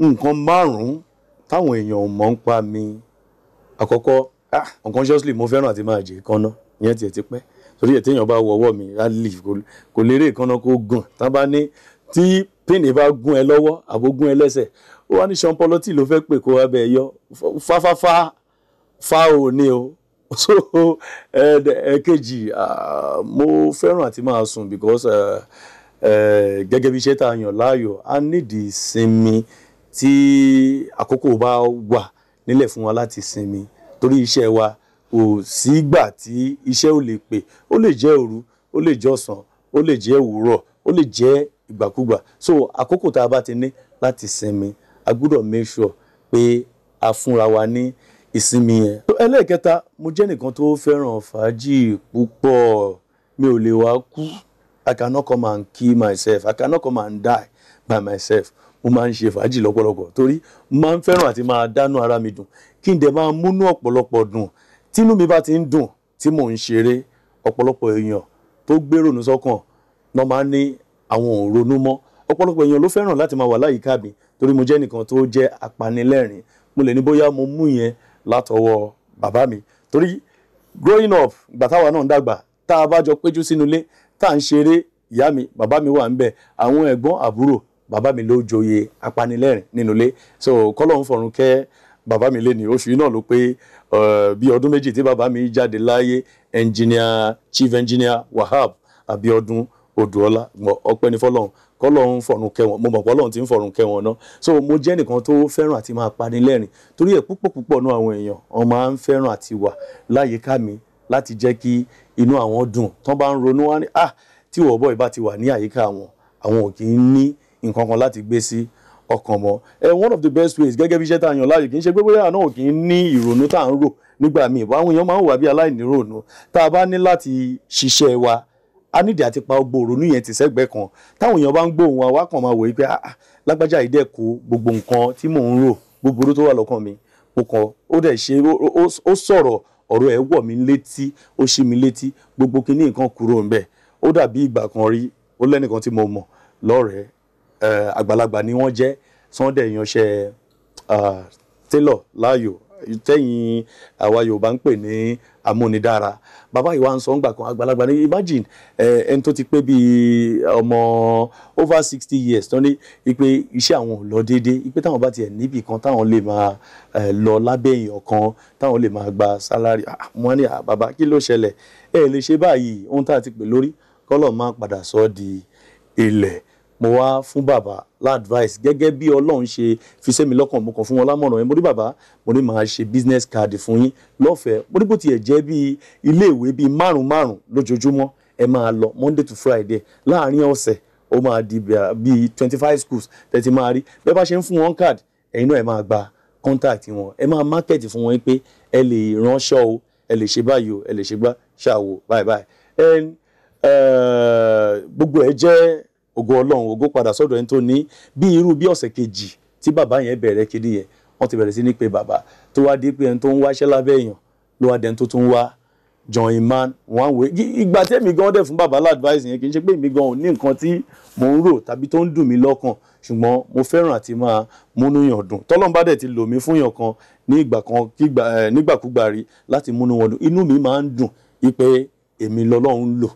nǹkan márùn-ún táwọn èèyàn ò mọ̀ ń pa mi àkọ́kọ́ ah unconsciously mo fẹ́ràn àti máa jẹ ìkànnà ìyẹn tiẹ̀ ti pẹ́ torí ẹ̀ téèyàn bá wọ ọwọ́ mi rally kò lérè kanna kó gùn tá bá ní tí pínnì bá gún ẹ lọ́wọ́ àbógún ẹ lẹ́sẹ̀ ó wá ní Sean Paul ló fẹ́ pè kó abẹ́ yọ fáfáfá fá ò ní o so ẹ̀ẹ́dẹ̀ẹ́kejì mo fẹ́ràn àti máa sùn because gẹ́gẹ́ bí iṣẹ́ tá a yàn láàyò a nídìí sinmi tí àkókò bá wà nílẹ̀ fún wa láti sinmi torí iṣẹ́ wa kò sígbà tí iṣẹ́ ò lè pè ó lè jẹ́ òru ó lè jẹ́ ọ̀sán ó lè jẹ́ òwúrọ̀ ó lè jẹ́ ìgbàkúgbà so àkókò tá a bá ti ní láti sinmi a gbúdọ̀ make sure pé a fúnra wa ní ìsinmi yẹn. ẹlẹ́ẹ̀kẹta mo jẹ́ nìkan tó fẹ́ràn fàájì púpọ̀ mi ò lè wá kú I cannot come and kill myself I cannot come and die by myself mo máa ń ṣe fàájì lọ́pọ̀lọpọ̀ torí mo máa ń fẹ́ràn àti máa dánú ara mi dùn kí n dẹ̀ máa múnú ọ̀pọ̀lọpọ̀ dùn tínú mi bá ti ń dùn tí mò ń ṣeré ọ̀pọ̀lọpọ̀ èèyàn tó gbèrò ní sọ́kàn náà máa ń ní àwọn ò ronú mọ́ ọ̀pọ̀lọpọ̀ èèyàn ló fẹ́ràn láti máa wà láyìíká mi torí mo jẹ́ nìkan tó jẹ́ apanilẹ́rìn mo lè ní bóyá mo mú yẹn látọwọ́ bàbá mi torí growing up ìgbà táwa náà ń dàgbà tá a bá jọ péjú sínú ilé tá à ń ṣeré ìyá mi bàbá mi wà ń bẹ àwọn ẹ̀gbọ́n àbúrò bàbá mi ló joyè apanilẹ́rìn nínú ilé so kọ́lọ́hún fọ̀run kẹ́ bàbá mi lé ní oṣù yìí náà ló pé eh, bí ọdún méjì tí bàbá mi jáde láyé engineer chief engineer Wahab Abiodun Odùọlá ọpẹ́ ní fọ́lọ́run kọ́lọ́run fọ̀run kẹwọn mo mọ̀ kọ́lọ́run ti ń fọ̀run kẹwọn náà so mo jẹ́ nìkan tó fẹ́ràn àti máa pani lẹ́rìn torí ẹ̀ púpọ̀ púpọ̀ náà àwọn èèyàn wọn máa ń fẹ́ràn àti wà láyìíká mi láti jẹ́ kí inú àwọn dùn tán bá ń ronú wá ní ah tí wọ́ọ̀bọ̀ ìbá ti wà ní àyíká àwọn àwọn ò kì í ní nǹkan kan láti gbé sí ọkàn mọ́ one of the best ways gẹ́gẹ́ bí iṣẹ́ tá a yàn láàyò kì í ṣe pé bóyá náà kì í ní ìrònú tá à ń rò nígbà míì báwọn èèyàn máa ń wà bí aláìníròònú tá a bá ní láti ṣiṣẹ́ wa a nídìí àti pa ọgbọ òrònú yẹn ti sẹ́gbẹ́ kan táwọn èèyàn bá ń gbóhùn wa wá kàn máa wòye pé ah, ah lágbájá yìí dẹ̀ kó gbogbo nǹkan tí mò ń rò gbogbo oró tó wà lọ́kàn mi ó kàn ó dẹ̀ ṣe ó sọ̀rọ̀ ọ̀rọ̀ ẹ̀ wọ̀ mí létí ó ṣí mi létí gbogbo kinní nǹkan kúrò ńbẹ̀ ó dàbí ìgbà kan rí ó lẹ́nìkan tí mo mọ̀ lọ́rẹ̀ẹ́ Eh, àgbàlagbà ni wọ́n jẹ́ sunday yanṣẹ́ tailor láàyò tẹ́yìn àwa yorùbá ń pè ní amúnidára bàbá yìí wá ń sọ ńgbà kan àgbàlagbà ní imagine eh, ẹni tó ti pé bíi ọmọ over sixty years tán ní ipe iṣẹ́ àwọn ò lọ déédéé ipe táwọn bá tiẹ̀ níbì kan táwọn lè máa eh, lọ lábẹ́ èèyàn kan táwọn lè máa gba sálárì ah, wọ́n ní ah, bàbá kí ló ṣẹlẹ̀ ẹ lè ṣe báyìí ohun tá a ti pè lórí kọ́lọ̀ máa padà sọ di ilẹ̀ mo wá fún bàbá ládvice gẹ́gẹ́ bí ọlọ́run ṣe fi sẹ́mi lọ́kàn mo kàn fún wọn lámọ̀ràn yẹn mo ní bàbá mo ní màá ṣe business card fún yín lọ́fẹ̀ẹ́ mo ní bó tiẹ̀ jẹ́ bíi iléèwé bíi márùn márùn lójoojúmọ́ ẹ máa lọ monday to friday láàárín ọ̀sẹ̀ ó máa di bíi twenty five schools tẹ́tí máa rí bẹ́ẹ̀ bá ṣe ń fún wọn card ẹ̀yin náà ẹ máa gba contact wọn ẹ máa market fún wọn pé ẹ lè ránṣọ o ẹ lè ṣe báyìí o ẹ lè ṣe gbá ṣàwò báyìí báyìí eh, gbogbo ẹ jẹ́ ògo ọlọ́run ògo padà sọ́dọ̀ ẹni tó ní bí irú bí ọ̀sẹ̀ kejì tí bàbá yẹn bẹ̀rẹ̀ kiri yẹn wọ́n ti bẹ̀rẹ̀ sí ní pé bàbá tó wá di pé ẹni tó ń wáṣẹ́ lábẹ́ èèyàn ló wá dẹni tó tún wá john iman one way ìgbà tẹ́mi gan dẹ̀ fún bàbá ládùváìsì yẹn kì í ṣe pé èmi gan ò ní nǹkan tí mò ń rò tàbí tó ń dùn mí lọ́kàn ṣùgbọ́n mo fẹ́ràn àti máa múnú yàn dùn tọ́lọ́n bá dẹ̀ ti lò mí fún yàn kan ní ìgbà kan eh, nígbàkúgbà rí láti múnú wọn dùn inú mi máa ń dùn wípé èmi lọ́lọ́run lò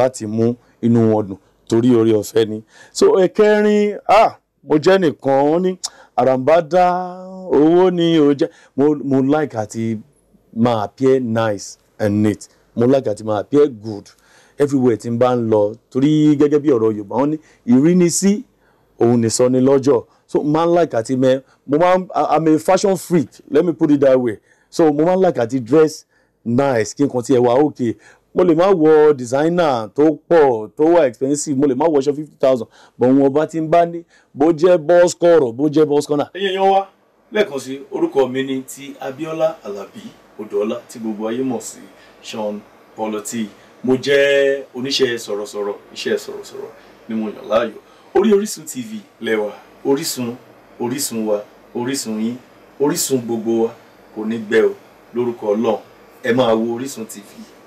láti mú inú wọn dùn torí orí ọ̀fẹ́ ni so ẹ̀kẹrin ah mo jẹ́ nìkan ó ní àràǹbádá owó ni ó jẹ́ mo mo like àti máa appear nice and neat mo like àti máa appear good everywhere tí n bá ń lọ torí gẹ́gẹ́ bí ọ̀rọ̀ Yorùbá wọn ní ìrínisí òun ní sọ ni lọ́jọ́ so máa ń like àti mẹ mo máa ń i'm a fashion freak let me put it that way so mo máa ń like àti dress nice kí n kàn tiẹ̀ wá òkè mo lè má wọ designer tó pọ̀ tó wà expensive mo lè má wọ aṣọ fifty thousand but wọn ọba tí ń bá ní bó jẹ́ bọ́s kọ̀rọ̀ bó jẹ́ bọ́s kọ́nà. ẹ̀yin yan wa lẹ́ẹ̀kan sí orúkọ mi ni ti Abíọ́lá Alábí Odòọlá tí gbogbo ayé mọ̀ sí Sean Polity mo jẹ́ oníṣẹ́ sọ̀rọ̀sọ̀rọ̀ iṣẹ́ sọ̀rọ̀sọ̀rọ̀ ni mo yàn láàyò orí Orísun TV lẹ́wà Orísun Orísun wa Orísun yín Orísun gbogbo wa kò ní gbẹ o lórúkọ Ọlọ́run ẹ máa wo Orísun TV